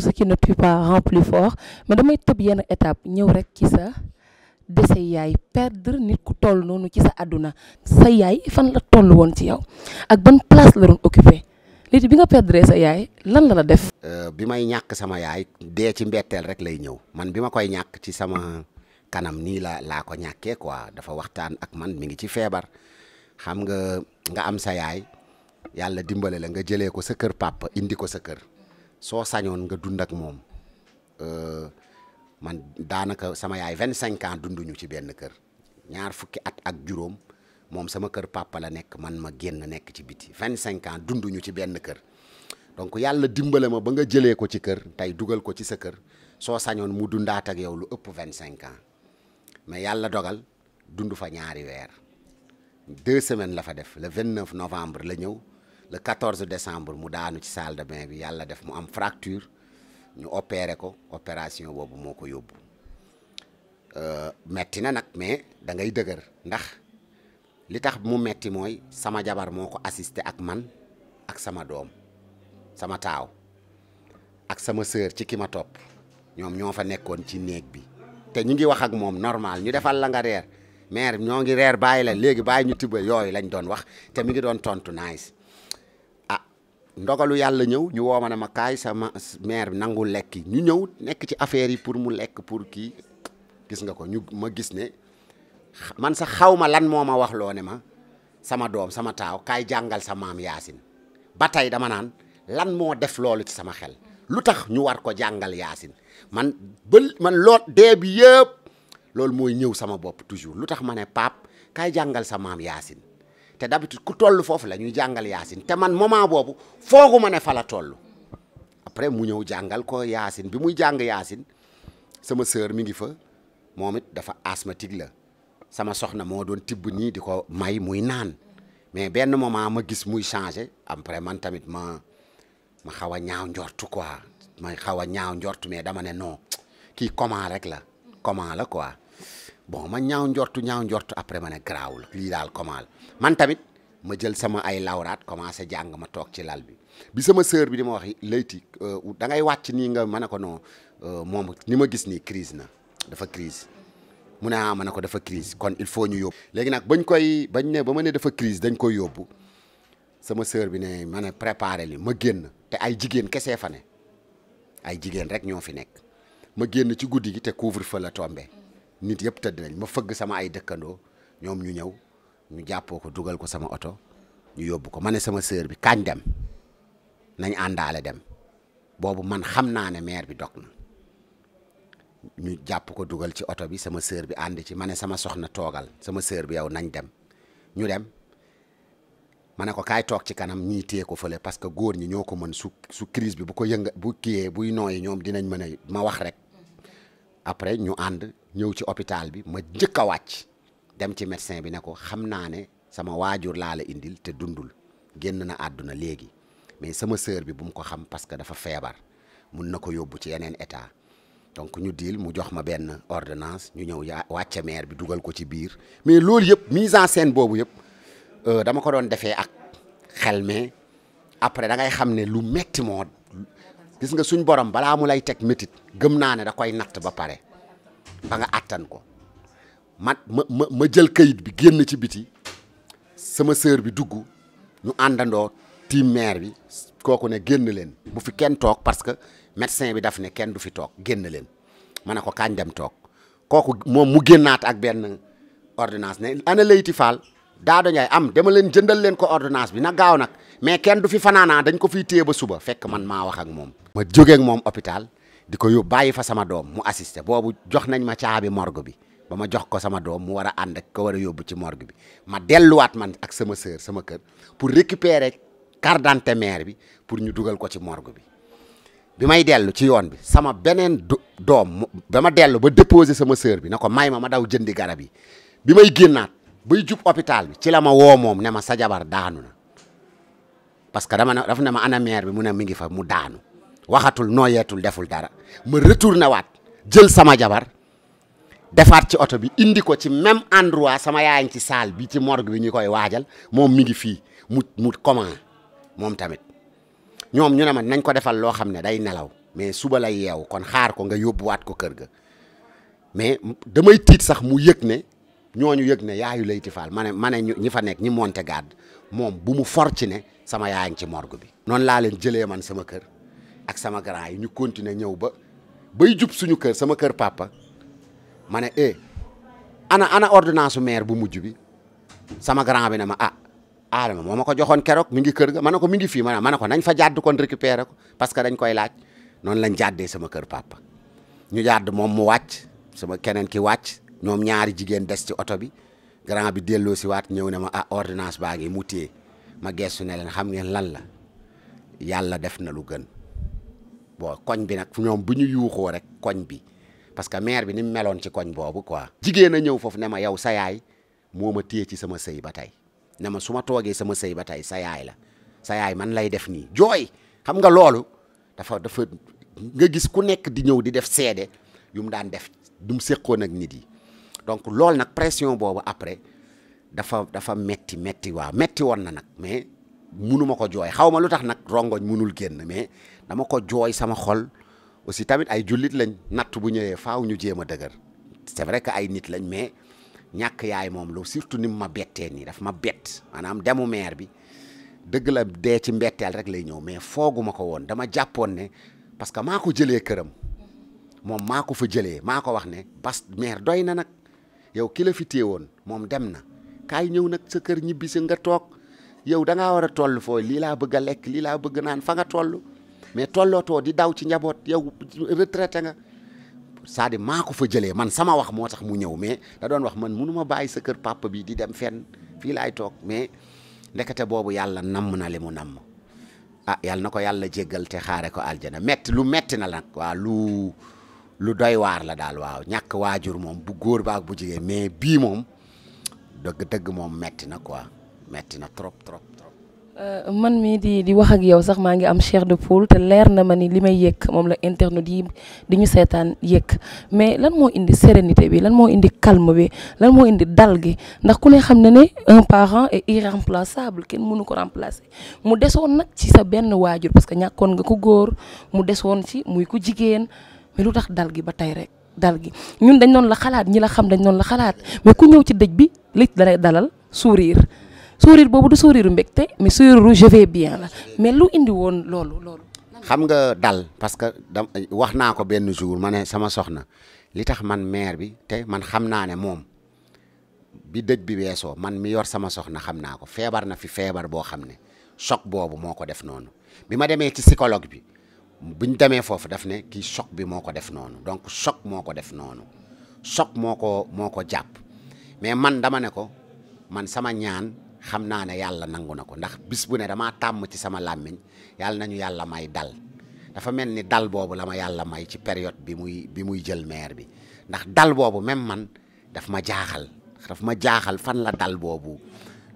tout ce qui ne tue pas plus fort mais damay tëb yenn étape ñëw rek ci sa dese yaay perdre nit ku toll noonu ci sa àdduna sa yaay fan la toll woon ci yow ak ban place la doon occupé léegi bi nga perdre sa yaay lan la la def. Euh, bi may ñàkk sama yaay dee ci mbetteel rek lay ñëw man bi ma koy ñàkk ci sama kanam nii la laa ko ñàkkee quoi dafa waxtaan ak man mi ngi ci feebar xam nga nga am sa yaay yàlla dimbale la nga jëlee ko sa kër papa indi ko sa kër. soo sañoon nga dund ak moom euh, man daanaka sama yaay vingt cinq ans dunduñu ci benn kër ñaar fukki at ak juróom moom sama kër papa la nekk man ma génn nekk ci biti vingt cinq ans dunduñu ci benn kër donc yàlla dimbale ma ba nga jëlee ko ci kër tey dugal ko ci sa kër soo sañoon mu dundaat ak yow lu ëpp vingt cinq ans mais yàlla dogal dundu fa ñaari weer deux semaines la fa def le vingt neuf novembre la ñëw le 14 décembre mu daanu ci salle de bain bi yàlla def mu am fracture ñu opéré ko opération boobu moo ko yóbbu euh, metti na nag mais da ngay dëgër ndax li tax mu metti mooy sama jabar moo ko assisté ak man ak sama doom sama taaw ak sama sœur ci ki ma topp ñoom ñoo fa nekkoon ci néeg bi te ñu ngi wax ak moom normal ñu defal la nga reer mère ñoo ngi reer bàyyi la léegi bàyyi ñu tibb yooyu lañ doon wax te mi ngi doon tontu nice ndogalu yàlla ñëw ñu woo ma ne ma kaay sama maire bi nangu lekki ñu ñëw nekk ci affaire yi pour mu lekk pour kii gis nga ko ñu ma gis ne man sax xawma lan moo ma wax loo ne ma sama doom sama taaw kaay jàngal sa maam yaasin ba tey dama naan lan moo def loolu ci sama xel lu tax ñu war ko jàngal yaasin man ba man loo dee bi yëpp loolu mooy ñëw sama bopp toujours lu tax ma ne paap kaay jàngal sa maam yaasin te d'habitude ku toll foofu la ñuy jàngal yaasin te man moment boobu fooguma ne fa la toll après mu ñëw jàngal ko yaasin bi muy jàng yaasin sama sœur mi ngi fa moom it dafa asthmatique la sama soxna moo doon tibb nii di ko may muy naan mais benn moment ma gis muy changé après man tamit ma ma xaw a ñaaw njortu quoi ma xaw a ñaaw njortu mais dama ne non kii comment rek la comment la quoi bon ma ñaaw njortu ñaaw njortu après ma ne garaawul lii daal comment man tamit ma jël sama ay lawraat commencé jàng ma toog ci lal bi bi sama sœur bi di ma wax layti euh, da ngay wàcc nii nga ma ne ko non euh, moom ni ma gis nii crise na dafa crise mu ne ah, ma ne ko dafa crise kon il faut ñu yóbbu. léegi nag bañ koy bañ ne ba ma ne dafa crise dañ koy yóbbu sama sœur bi ne ma ne préparé li ma génn te ay jigéen kese fane ay jigéen rek ñoo fi nekk ma génn ci guddi gi te couvre fa la tombé. nit yëpp tëdd nañ ma fëgg sama ay dëkkandoo ñoom ñu ñëw ñu jàppoo ko dugal ko sama oto ñu yóbbu ko ma ne sama sœur bi kañ dem nañ àndaale dem boobu man xam naa ne maire bi dog na ñu jàpp ko dugal ci oto bi sama sœur bi ànd ci ma ne sama soxna toogal sama sœur bi yow nañ dem ñu dem ma ne ko kaay toog ci kanam ñuy téye ko fële parce que góor ñi ñoo ko mën su su crise bi bu ko yënga bu kiyee buy nooyi ñoom dinañ mën a ma wax rek après ñu ànd ñëw ci hôpital bi ma njëkk a wàcc dem ci médecin bi ne ko xam naa ne sama waajur laa la indil te dundul génn na àdduna léegi mais sama sœur bi bu mu ko xam parce que dafa feebar mun na ko yóbbu ci yeneen état donc ñu diil mu jox ma benn ordinance ñu ñëw yaa wàcce maire bi dugal ko ci biir mais loolu yëpp mise en scène boobu yëpp euh, dama ko doon defee ak xel mais après da ngay xam ne lu metti moo gis nga suñ borom balaa mu lay teg métit gëm naa ne da koy natt ba pare ba nga àttan ko ma ma ma ma jël kayit bi génn ci biti sama sœur bi dugg ñu àndandoo tiim maire bi kooku ne génn leen bu fi kenn toog parce que médecin bi daf ne kenn du fi toog génn leen ma ne ko kañ dem toog kooku moom mu génnaat ak benn ordonnance ne ana layti faal Daado Ndiaye am dama leen jëndal leen ko ordinance bi na gaaw nag mais kenn du fi fanaana dañ ko fiy téye ba suba fekk man maa wax ak moom. ma jógee moom hôpital di ko yóbbu bàyyi fa sama doom mu assisté boobu jox nañ ma caabi morgue bi ba ma jox ko sama doom mu war a ànd ak ko war a yóbbu ci morgue bi ma delluwaat man ak sama sœur sama kër pour récupérer carte d'identité mère bi pour ñu dugal ko ci morgue bi. bi may dellu ci yoon bi sama beneen doom ba ma dellu ba déposer sama sœur bi na ko may ma ma daw jëndi garab yi bi may génnaat. bay jub hôpital bi ci la ma woo moom ne ma sa jabar daanu na parce que dama ne daf ne ma ana mère bi mu ne mi ngi fa mu daanu waxatul nooyeetul deful dara ma na waat jël sama jabar defaat ci oto bi indi ko ci même endroit sama yaay ci salle bi ci morgue bi ñu koy waajal moom mi ngi fii mu mu comment moom tamit ñoom ñu ne ma nañ ko defal loo xam ne day nelaw mais suba la yeewu kon xaar ko nga yóbbuwaat ko kër ga mais damay tiit sax mu yëg ne. ñooñu yëg ne yaayu Leyti Fall ma ne ma ne ñi fa nekk ñi monte garde moom bu mu for ci ne sama yaay ngi ci morgue bi. noonu laa leen jëlee man sama kër ak sama grand yi ñu continuer ñëw ba bay jub suñu kër sama kër papa ma ne eh ana ana ordonnance su maire bu mujj bi sama grand bi na ma ah. Adama moo ma ko joxoon keroog mi ngi kër ga ma ne ko mi ngi fii ma ne ko nañ fa jàdd kon récupérer ko parce que dañ koy laaj noonu lañ jàddee sama kër papa ñu jàdd moom mu wàcc sama keneen ki wàcc. ñoom ñaari jigéen des ci oto bi grand bi delloo si waat ñëw ne ma ah ordonnance baa ngi mu téye ma geestu ne leen xam ngeen lan la yàlla def na lu gën bon koñ bi nag ñoom bu ñu yuuxoo rek koñ bi parce que maire bi ni mu meloon ci koñ boobu quoi. jigéen a ñëw foofu ne ma yow sa yaay moo ma téye ci sama sëy ba tey ne ma su ma toogee sama sëy ba tey sa yaay la sa yaay man lay def nii jooy xam nga loolu dafa dafa nga gis ku nekk di ñëw di def seede yu mu daan def dum mu nag nit yi. donc loolu nag pression boobu après dafa dafa metti metti waa metti woon na nag mais munuma ko jooy xaw ma lu tax nag rongoñ munul génn mais dama ko jooy sama xol aussi tamit ay jullit lañ nattu bu ñëwee faaw ñu jéem a dëgër c'est vrai que ay nit lañ mais ñàkk yaay moom lu surtout ni mu ma bettee nii dafa ma bett maanaam demu meer bi dëgg la dee ci mbetteel rek lay ñëw mais fooguma ko woon dama jàppoon ne parce que maa ko jëlee këram moom maa ko fa jëlee maa ko wax ne bas meer doy na nag yow ki la fi téewoon moom dem na kaay ñëw nag sa kër ñibbi si nga toog yow da ngaa war a toll fooy lii laa bëgg a lekk lii laa bëgg naan fa nga toll mais tollootoo di daw ci njaboot yow retraité nga c'est-à-dire maa ko fa jëlee man sama wax moo tax mu ñëw mais da doon wax man mënu ma bàyyi sa kër papa bi di dem fenn fii laay toog mais ndekete boobu yàlla namm na li mu namm ah yàlla na ko yàlla jéggal te xaare ko aljana metti lu metti na nag waa lu lu doy waar la daal waaw ñàkk waajur moom bu góor ba ak bu jigéen mais bii moom dëgg dëgg moom metti na quoi metti na trop trop trop. Euh, man mii di di wax ak yow sax maa ngi am chair de poule te leer na ma ni li may yëg moom la internet yi di ñu seetaan yëg mais lan moo indi sérénité bi lan moo indi calme bi lan moo indi dal gi ndax ku ne xam ne ne un parent est irremplaçable kenn mënu ko remplacer mu desoon nag ci sa benn waajur parce que ñàkkoon nga ko góor mu desoon ci muy jigéen. mais lu tax dal gi ba tey rek dal gi ñun dañ noonu la xalaat ñi la xam dañ noonu la xalaat mais ku ñëw ci dëj bi li dalay dalal sourire sourire boobu du sourire mbégte mais sourire je vais bien la mais lu indi woon loolu loolu. xam nga dal parce que da wax naa ko benn jour ma ne sama soxna li tax man mair bi te man xam naa ne moom bi dëj bi weesoo man mi yor sama soxna xam naa ko feebar na fi feebar boo xam ne choc boobu moo ko def noonu bi ma demee ci psychologue bi. bu ñu demee foofu daf ne kii choc bi moo ko def noonu donc choc moo ko def noonu choc moo ko moo ko jàpp mais man dama ne ko man sama ñaan xam naa ne yàlla nangu na ko ndax bis bu ne damaa tàmm ci sama làmmiñ yàlla nañu yàlla may dal dafa mel ni dal boobu la ma yàlla may ci période bi muy bi muy jël maire bi ndax dal boobu même man daf ma jaaxal daf ma jaaxal fan la dal boobu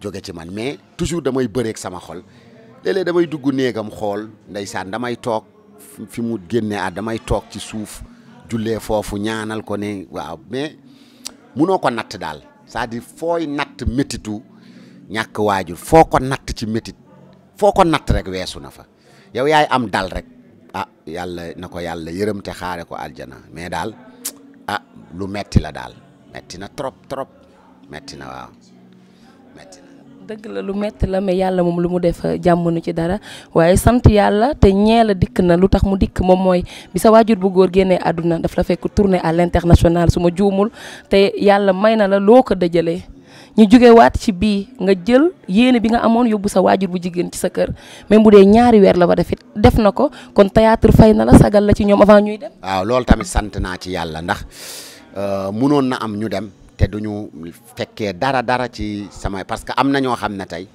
jóge ci man mais toujours damay bëreeg sama xol léeg-léeg damay dugg néegam xool ndeysaan damay toog fi mu génne ah damay toog ci suuf jullee foofu ñaanal ko ne waaw mais munoo ko natt daal cest di dire fooy natt métitu ñàkk waajur foo ko natt ci métit foo ko natt rek weesu na fa yow yaay am dal rek ah yàlla na ko yàlla yërëm te xaare ko aljana mais daal ah lu metti la daal metti na trop trop metti na waaw dëgg la lu metti la mais yàlla moom lu mu def euh, jàmm ci dara waaye sant yàlla te ñeela dikk na lu tax mu dikk moom mooy bi sa waajur bu góor génnee àdduna daf la fekk tournée à l'international su ma juumul te yàlla may na la loo ko dëjalee ñu jóge waat ci bii nga jël yéene bi nga amoon yóbbu sa waajur bu jigéen ci sa kër même bu dee ñaari weer la ba defit def na ko kon théâtre fay na la sagal la ci ñoom avant ñuy dem. waaw loolu tamit sant naa ci yàlla ndax euh, mënoon na am ñu dem. te duñu fekkee dara dara ci sama parce que am na ñoo xam ne tey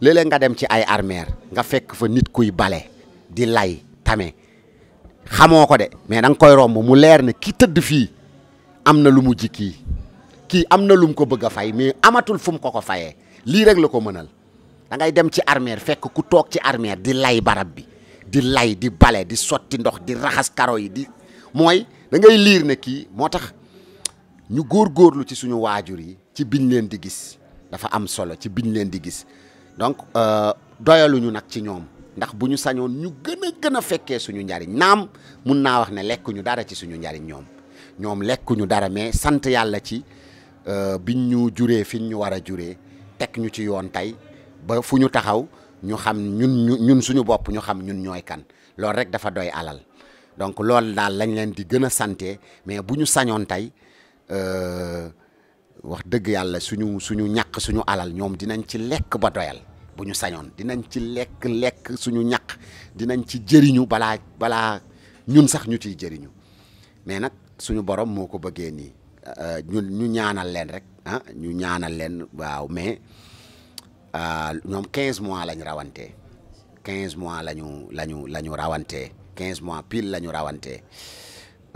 léeg nga dem ci ay armeer nga fekk fa nit kuy bale di lay tame xamoo ko de mais da nga koy romb mu leer ne ki tëdd fii am na lu mu kii kii am na lum ko bëgg fay mais amatul fu mu ko ko fayee lii rek la ko mënal da ngay dem ci armeer fekk ku toog ci armeer di lay barab bi di lay di bale di sotti ndox di raxas karo yi di mooy da liir ne kii moo tax ñu góor góorlu ci suñu waajur yi ci biñ leen di gis dafa am solo ci biñ leen di gis donc euh, doyaluñu nag ci ñoom ndax bu ñu sañoon ñu gën a fekkee suñu njariñ naam mun naa wax ne lekkuñu dara ci suñu njariñ ñoom ñoom lekkuñu dara mais sant yàlla ci euh, biñ ñu juree fiñ ñu war a juree teg ñu ci yoon tey ba fu ñu taxaw ñu xam ñun suñu bopp ñu xam ñun ñooy kan loolu rek dafa doy alal donc loolu daal lañ leen di gën a sante mais bu ñu sañoon tey Euh, wax dëgg yàlla suñu suñu ñàkk suñu alal ñoom dinañ ci lekk ba doyal bu ñu sañoon dinañ ci lekk lekk suñu ñàkk dinañ ci jëriñu balaa balaa ñun sax ñu ciy jëriñu mais nag suñu borom moo ko bëggee nii euh, ñun ñu ñaanal leen rek ah ñu ñaanal leen waaw mais euh, ñoom 15 mois lañ rawantee 15 mois lañu lañu la ñu rawantee 15 mois pile la ñu rawantee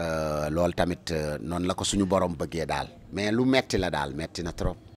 Euh, loolu tamit euh, noonu la ko suñu borom bëggee daal mais lu metti la daal metti na trop.